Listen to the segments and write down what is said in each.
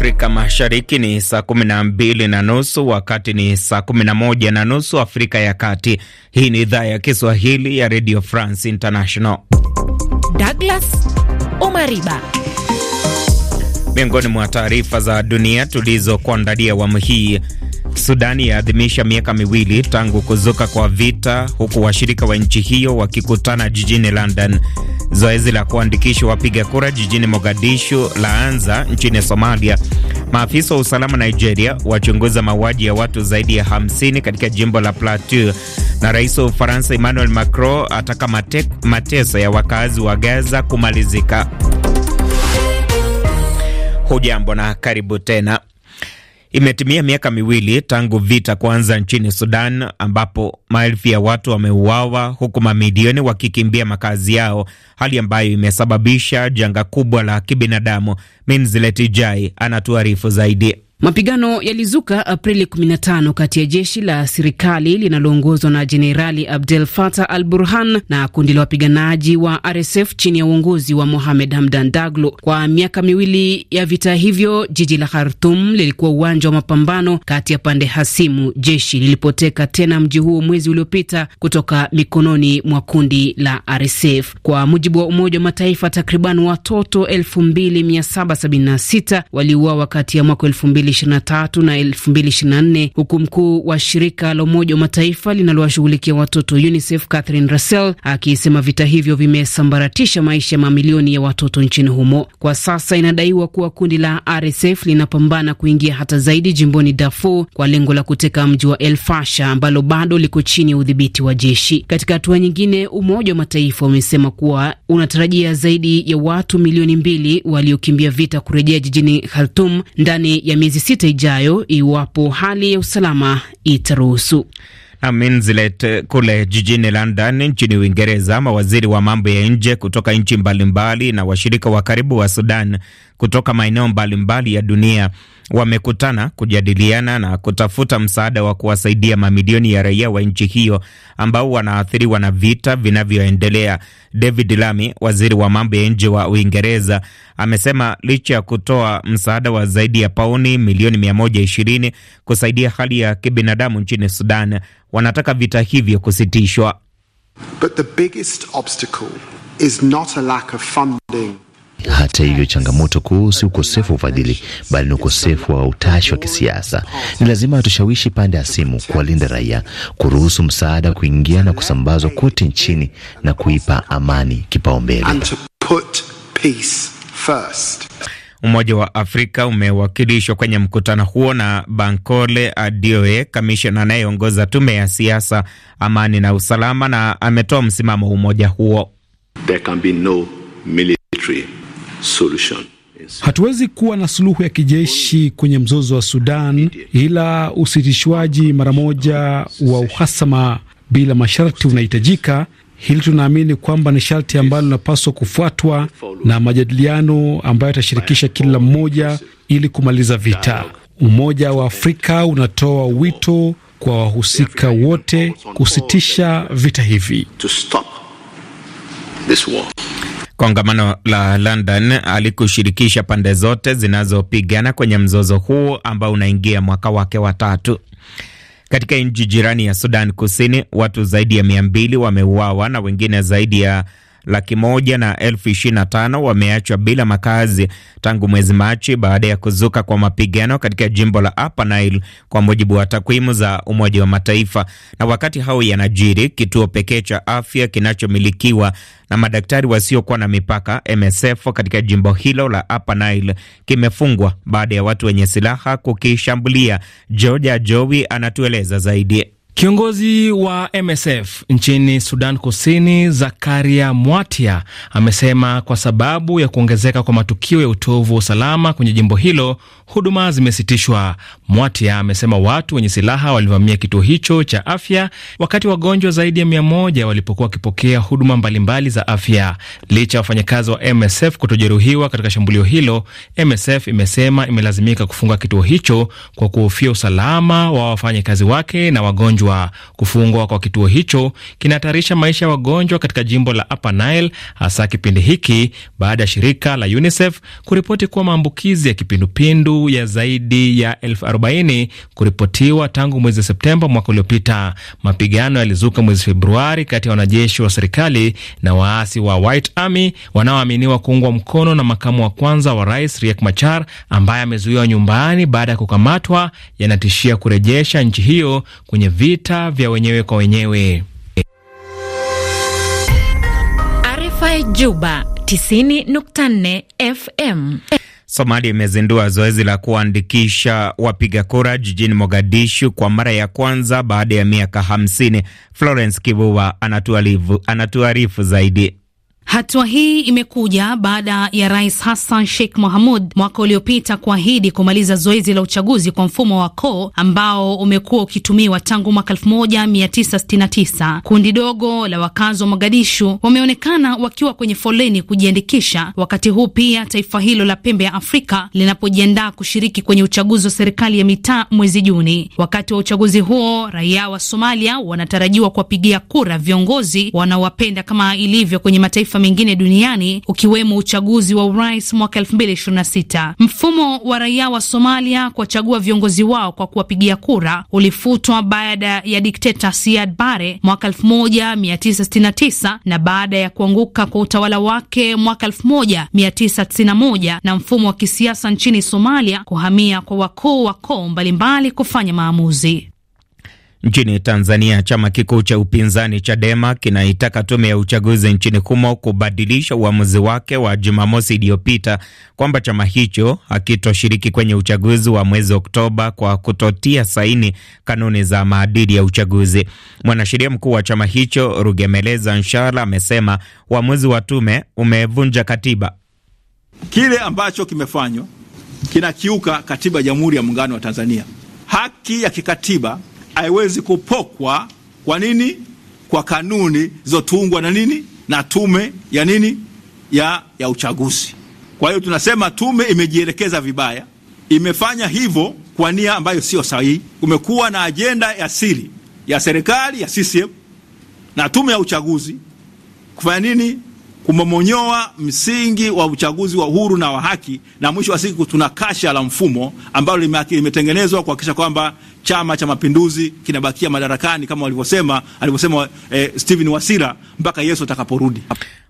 Afrika Mashariki ni saa kumi na mbili na nusu wakati ni saa kumi na moja na nusu Afrika ya Kati. Hii ni idhaa ya Kiswahili ya Radio France International. Douglas Omariba, miongoni mwa taarifa za dunia tulizokuandalia awamu hii Sudani yaadhimisha miaka miwili tangu kuzuka kwa vita huku washirika wa nchi hiyo wakikutana jijini London. Zoezi la kuandikisha wapiga kura jijini Mogadishu laanza nchini Somalia. Maafisa wa usalama Nigeria wachunguza mauaji ya watu zaidi ya 50 katika jimbo la Plateau, na rais wa Ufaransa Emmanuel Macron ataka mate, mateso ya wakazi wa Gaza kumalizika. Hujambo na karibu tena. Imetimia miaka miwili tangu vita kuanza nchini Sudan, ambapo maelfu ya watu wameuawa huku mamilioni wakikimbia makazi yao, hali ambayo imesababisha janga kubwa la kibinadamu. Minzileti Jai anatuarifu zaidi. Mapigano yalizuka Aprili 15 kati ya jeshi la serikali linaloongozwa na Jenerali Abdel Fattah al Burhan na kundi la wapiganaji wa RSF chini ya uongozi wa Mohamed Hamdan Daglo. Kwa miaka miwili ya vita hivyo, jiji la Khartum lilikuwa uwanja wa mapambano kati ya pande hasimu. Jeshi lilipoteka tena mji huo mwezi uliopita kutoka mikononi mwa kundi la RSF. Kwa mujibu wa Umoja wa Mataifa, takriban watoto 2776 waliuawa kati ya mwaka 2023 na 2024, huku mkuu wa shirika la Umoja wa Mataifa linalowashughulikia watoto UNICEF Catherine Russell akisema vita hivyo vimesambaratisha maisha ya mamilioni ya watoto nchini humo. Kwa sasa inadaiwa kuwa kundi la RSF linapambana kuingia hata zaidi jimboni Darfur kwa lengo la kuteka mji wa El Fasha ambalo bado liko chini ya udhibiti wa jeshi. Katika hatua nyingine, Umoja wa Mataifa umesema kuwa unatarajia zaidi ya watu milioni mbili waliokimbia vita kurejea jijini Khartoum ndani ya miezi miezi sita ijayo iwapo hali ya usalama itaruhusu. Na Minzlet kule jijini London nchini Uingereza, mawaziri wa mambo ya nje kutoka nchi mbalimbali na washirika wa karibu wa Sudan kutoka maeneo mbalimbali ya dunia wamekutana kujadiliana na kutafuta msaada wa kuwasaidia mamilioni ya raia wa nchi hiyo ambao wanaathiriwa na vita vinavyoendelea. David lami waziri wa mambo ya nje wa Uingereza, amesema licha ya kutoa msaada wa zaidi ya pauni milioni 120 kusaidia hali ya kibinadamu nchini Sudan, wanataka vita hivyo kusitishwa. But the biggest obstacle is not a lack of funding. Hata hivyo, changamoto kuu si ukosefu wa ufadhili, bali ni ukosefu wa utashi wa kisiasa. Ni lazima tushawishi pande ya simu kuwalinda raia, kuruhusu msaada kuingia na kusambazwa kote nchini, na kuipa amani kipaumbele. Umoja wa Afrika umewakilishwa kwenye mkutano huo na Bankole Adioe, kamishna anayeongoza tume ya siasa, amani na usalama, na ametoa msimamo wa umoja huo There can be no military solution. Hatuwezi kuwa na suluhu ya kijeshi kwenye mzozo wa Sudan, ila usitishwaji mara moja wa uhasama bila masharti unahitajika. Hili tunaamini kwamba ni sharti ambalo linapaswa kufuatwa na majadiliano ambayo yatashirikisha kila mmoja ili kumaliza vita. Umoja wa Afrika unatoa wito kwa wahusika wote kusitisha vita hivi. Kongamano la London alikushirikisha pande zote zinazopigana kwenye mzozo huu ambao unaingia mwaka wake wa tatu. Katika nchi jirani ya Sudan Kusini, watu zaidi ya mia mbili wameuawa na wengine zaidi ya laki moja na elfu ishirini na tano wameachwa bila makazi tangu mwezi Machi baada ya kuzuka kwa mapigano katika jimbo la Upper Nile kwa mujibu wa takwimu za Umoja wa Mataifa. Na wakati hao yanajiri, kituo pekee cha afya kinachomilikiwa na madaktari wasiokuwa na mipaka MSF katika jimbo hilo la Upper Nile kimefungwa baada ya watu wenye silaha kukishambulia. Georgia Jowi anatueleza zaidi. Kiongozi wa MSF nchini Sudan Kusini, Zakaria Mwatia, amesema kwa sababu ya kuongezeka kwa matukio ya utovu wa usalama kwenye jimbo hilo, huduma zimesitishwa. Mwatia amesema watu wenye silaha walivamia kituo hicho cha afya wakati wagonjwa zaidi ya mia moja walipokuwa wakipokea huduma mbalimbali za afya. Licha ya wafanyakazi wa MSF kutojeruhiwa katika shambulio hilo, MSF imesema imelazimika kufunga kituo hicho kwa kuhofia usalama wa wafanyakazi wake na wagonjwa wagonjwa. Kufungwa kwa kituo hicho kinahatarisha maisha ya wagonjwa katika jimbo la Upper Nile, hasa kipindi hiki baada ya shirika la UNICEF kuripoti kuwa maambukizi ya kipindupindu ya zaidi ya elfu arobaini kuripotiwa tangu mwezi Septemba mwaka uliopita. Mapigano yalizuka mwezi Februari kati ya wanajeshi wa serikali na waasi wa White Army wanaoaminiwa kuungwa mkono na makamu wa kwanza wa rais Riek Machar ambaye amezuiwa nyumbani baada ya kukamatwa, yanatishia kurejesha nchi hiyo kwenye vita vita vya wenyewe kwa wenyewe. RFI Juba 90.4 FM. Somalia imezindua zoezi la kuandikisha wapiga kura jijini Mogadishu kwa mara ya kwanza baada ya miaka 50. Florence Kibuba anatuarifu zaidi. Hatua hii imekuja baada ya Rais Hassan Sheikh Mohamud mwaka uliopita kuahidi kumaliza zoezi la uchaguzi kwa mfumo wa koo ambao umekuwa ukitumiwa tangu mwaka 1969. Kundi dogo la wakazi wa Mogadishu wameonekana wakiwa kwenye foleni kujiandikisha, wakati huu pia taifa hilo la pembe ya Afrika linapojiandaa kushiriki kwenye uchaguzi wa serikali ya mitaa mwezi Juni. Wakati wa uchaguzi huo, raia wa Somalia wanatarajiwa kuwapigia kura viongozi wanaowapenda kama ilivyo kwenye mataifa mataifa mengine duniani ukiwemo uchaguzi wa urais mwaka 2026. Mfumo wa raia wa Somalia kuwachagua viongozi wao kwa kuwapigia kura ulifutwa baada ya dikteta Siad Barre mwaka 1969 na baada ya kuanguka kwa utawala wake mwaka 1991 na mfumo wa kisiasa nchini Somalia kuhamia kwa wakuu wa koo mbalimbali kufanya maamuzi. Nchini Tanzania, chama kikuu cha upinzani Chadema kinaitaka tume ya uchaguzi nchini humo kubadilisha uamuzi wake wa Jumamosi iliyopita kwamba chama hicho hakitoshiriki kwenye uchaguzi wa mwezi Oktoba kwa kutotia saini kanuni za maadili ya uchaguzi. Mwanasheria mkuu wa chama hicho Rugemeleza Nshala amesema uamuzi wa tume umevunja katiba. Kile ambacho kimefanywa kinakiuka katiba ya Jamhuri ya Muungano wa Tanzania, haki ya kikatiba haiwezi kupokwa. Kwa nini? Kwa kanuni zilizotungwa na nini na tume ya nini ya, ya uchaguzi. Kwa hiyo tunasema tume imejielekeza vibaya, imefanya hivyo kwa nia ambayo sio sahihi. Kumekuwa na ajenda ya siri ya serikali ya CCM na tume ya uchaguzi kufanya nini? kumomonyoa msingi wa uchaguzi wa uhuru na wa haki, na mwisho wa siku tuna kasha la mfumo ambalo limetengenezwa kuhakikisha kwamba Chama cha Mapinduzi kinabakia madarakani kama walivyosema alivyosema eh, Steven Wasira mpaka Yesu atakaporudi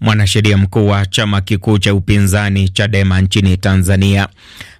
mwanasheria mkuu wa chama kikuu cha upinzani Chadema nchini Tanzania.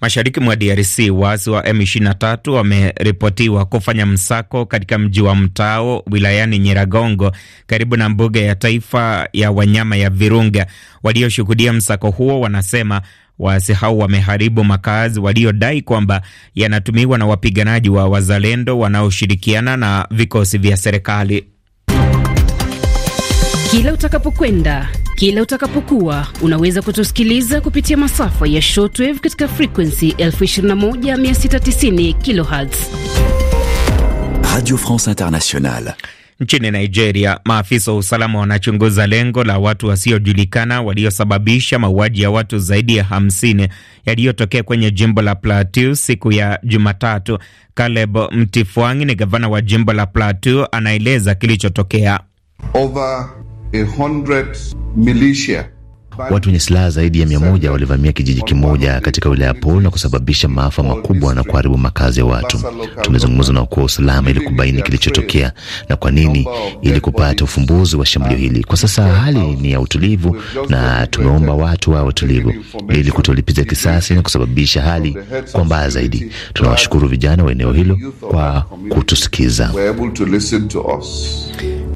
Mashariki mwa DRC, waasi wa M23 wameripotiwa kufanya msako katika mji wa Mtao wilayani Nyiragongo, karibu na mbuga ya taifa ya wanyama ya Virunga. Walioshuhudia msako huo wanasema waasi hao wameharibu makazi waliodai kwamba yanatumiwa na wapiganaji wa wazalendo wanaoshirikiana na vikosi vya serikali. Kila utakapokwenda kila utakapokuwa unaweza kutusikiliza kupitia masafa ya shortwave katika frekuensi 21690 kHz. Radio France Internationale. Nchini Nigeria, maafisa wa usalama wanachunguza lengo la watu wasiojulikana waliosababisha mauaji ya watu zaidi ya 50 yaliyotokea kwenye jimbo la Plateau siku ya Jumatatu. Caleb Mtifuangi ni gavana wa jimbo la Plateau, anaeleza kilichotokea Over Watu wenye silaha zaidi ya mia moja walivamia kijiji kimoja katika wilaya Pol na kusababisha maafa makubwa na kuharibu makazi ya watu. Tumezungumza na wakuu wa usalama ili kubaini kilichotokea na kwa nini, ili kupata ufumbuzi wa shambulio hili. Kwa sasa hali ni ya utulivu, na tumeomba watu wawe watulivu ili kutolipiza kisasi na kusababisha hali kwa mbaya zaidi. Tunawashukuru vijana wa eneo hilo kwa kutusikiza.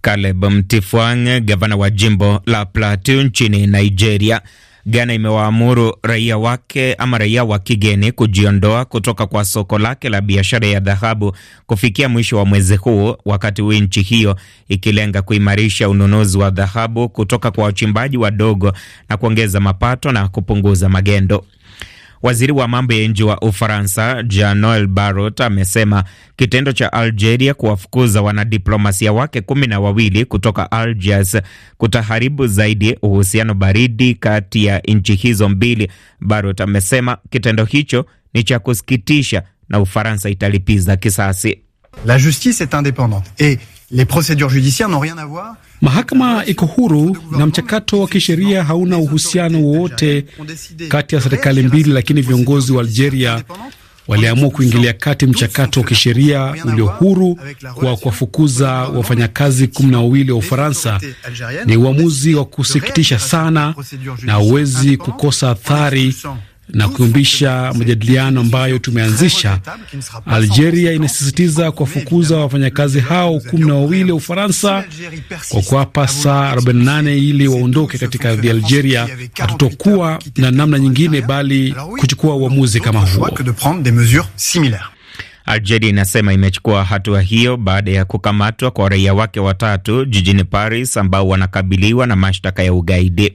Caleb Mtifwang, gavana wa jimbo la Plateau nchini Nigeria. Ghana imewaamuru raia wake ama raia wa kigeni kujiondoa kutoka kwa soko lake la biashara ya dhahabu kufikia mwisho wa mwezi huu, wakati huu nchi hiyo ikilenga kuimarisha ununuzi wa dhahabu kutoka kwa wachimbaji wadogo na kuongeza mapato na kupunguza magendo. Waziri wa mambo ya nje wa Ufaransa Jean Noel Barrot amesema kitendo cha Algeria kuwafukuza wanadiplomasia wake kumi na wawili kutoka Algiers kutaharibu zaidi uhusiano baridi kati ya nchi hizo mbili. Barrot amesema kitendo hicho ni cha kusikitisha na Ufaransa italipiza kisasi. La justice est indépendante et les procedures judiciaires n'ont rien à voir Mahakama iko huru na mchakato wa kisheria hauna uhusiano wowote kati ya serikali mbili, lakini viongozi wa Algeria waliamua kuingilia kati mchakato wa kisheria ulio huru kwa kuwafukuza wafanyakazi kumi na wawili wa Ufaransa. Ni uamuzi wa kusikitisha sana na uwezi kukosa athari na kuyumbisha majadiliano ambayo tumeanzisha. Algeria inasisitiza kuwafukuza wafanyakazi hao kumi na wawili wa Ufaransa kwa kuwapa saa 48 ili waondoke katika ardhi ya Algeria. Hatutokuwa na namna nyingine bali kuchukua uamuzi kama huo. Algeria inasema imechukua hatua hiyo baada ya kukamatwa kwa raia wake watatu jijini Paris ambao wanakabiliwa na mashtaka ya ugaidi.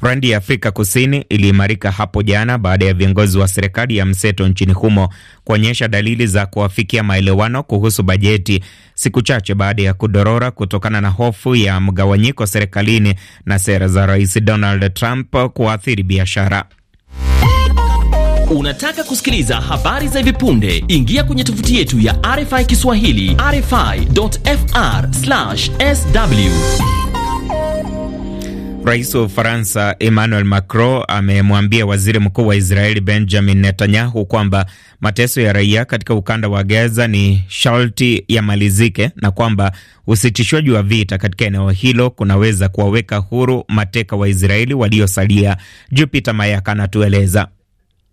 Randi ya Afrika Kusini iliimarika hapo jana baada ya viongozi wa serikali ya mseto nchini humo kuonyesha dalili za kuafikia maelewano kuhusu bajeti siku chache baada ya kudorora kutokana na hofu ya mgawanyiko serikalini na sera za Rais Donald Trump kuathiri biashara. Unataka kusikiliza habari za hivi punde? Ingia kwenye tovuti yetu ya RFI Kiswahili, rfi.fr/sw. Rais wa Ufaransa Emmanuel Macron amemwambia waziri mkuu wa Israeli Benjamin Netanyahu kwamba mateso ya raia katika ukanda wa Gaza ni sharti yamalizike na kwamba usitishwaji wa vita katika eneo hilo kunaweza kuwaweka huru mateka wa Israeli waliosalia. Jupiter Mayaka anatueleza.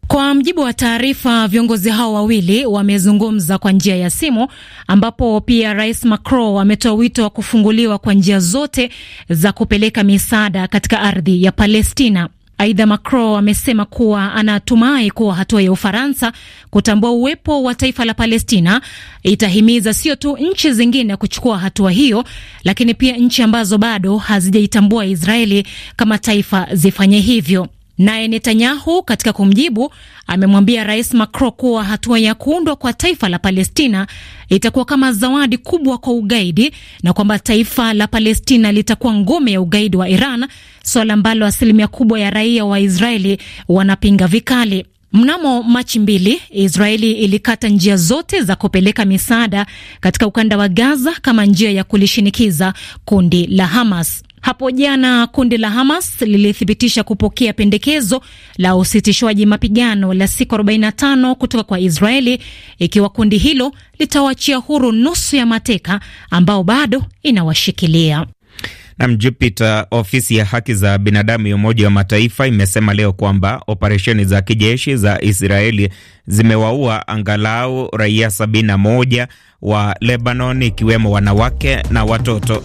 Kwa mjibu wa taarifa, viongozi hao wawili wamezungumza kwa njia ya simu, ambapo pia Rais Macron ametoa wito wa kufunguliwa kwa njia zote za kupeleka misaada katika ardhi ya Palestina. Aidha, Macron amesema kuwa anatumai kuwa hatua ya Ufaransa kutambua uwepo wa taifa la Palestina itahimiza sio tu nchi zingine kuchukua hatua hiyo, lakini pia nchi ambazo bado hazijaitambua Israeli kama taifa zifanye hivyo. Naye Netanyahu katika kumjibu amemwambia Rais Macron kuwa hatua ya kuundwa kwa taifa la Palestina itakuwa kama zawadi kubwa kwa ugaidi na kwamba taifa la Palestina litakuwa ngome ya ugaidi wa Iran, suala ambalo asilimia kubwa ya raia wa Israeli wanapinga vikali. Mnamo Machi mbili, Israeli ilikata njia zote za kupeleka misaada katika ukanda wa Gaza kama njia ya kulishinikiza kundi la Hamas. Hapo jana kundi la Hamas lilithibitisha kupokea pendekezo la usitishwaji mapigano la siku 45 kutoka kwa Israeli ikiwa kundi hilo litawachia huru nusu ya mateka ambao bado inawashikilia. Nam Jupiter. Ofisi ya haki za binadamu ya Umoja wa Mataifa imesema leo kwamba operesheni za kijeshi za Israeli zimewaua angalau raia 71 wa Lebanon, ikiwemo wanawake na watoto.